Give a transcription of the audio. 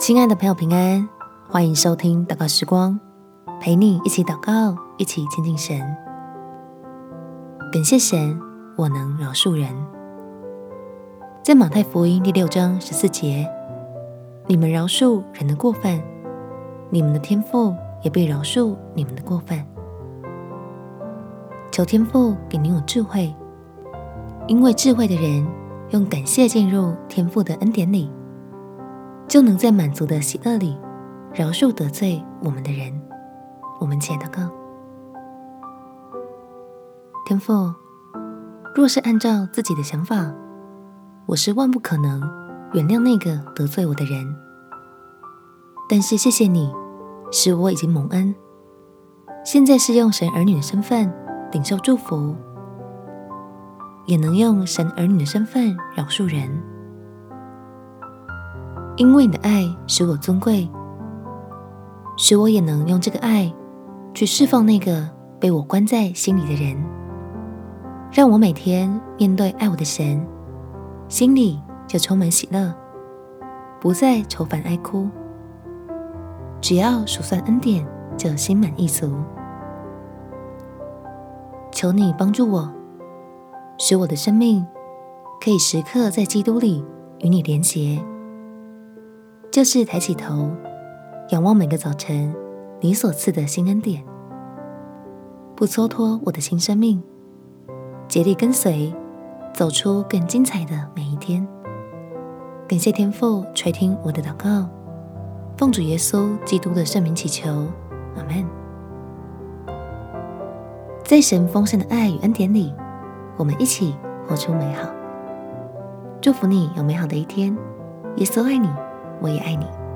親愛的朋友，平安，歡迎收聽禱告時光，陪你一起禱告，一起親近神。感謝神，我能饒恕人。在馬太福音第六章十四節，你們饒恕人的過犯，你們的天父也必饒恕你們的過犯。求天父給你有智慧，因為智慧的人用感謝進入天父的恩典裡。就能在滿足的喜樂裡，饒恕得罪我們的人。我們接着講，天父，若是按照自己的想法，我是萬不可能原諒那個得罪我的人。但是謝謝你，使我已經蒙恩，現在是用神兒女的身份，領受祝福，也能用神兒女的身份饒恕人。因為你的愛使我尊貴，使我也能用這個愛去釋放那個被我關在心裡的人，讓我每天面對愛我的神，心裡就充滿喜樂，不再愁煩哀哭，只要數算恩典就心滿意足。求你幫助我，使我的生命可以時刻在基督裡與你連結。就是抬起頭，仰望每個早晨你所賜的新恩典，不蹉跎我的新生命，竭力跟隨，走出更精彩的每一天。感謝天父垂聽我的禱告，奉主耶穌基督的聖名祈求，阿門。在神豐盛的愛與恩典裡，我們一起活出美好。祝福你有美好的一天，耶穌愛你。我也愛你。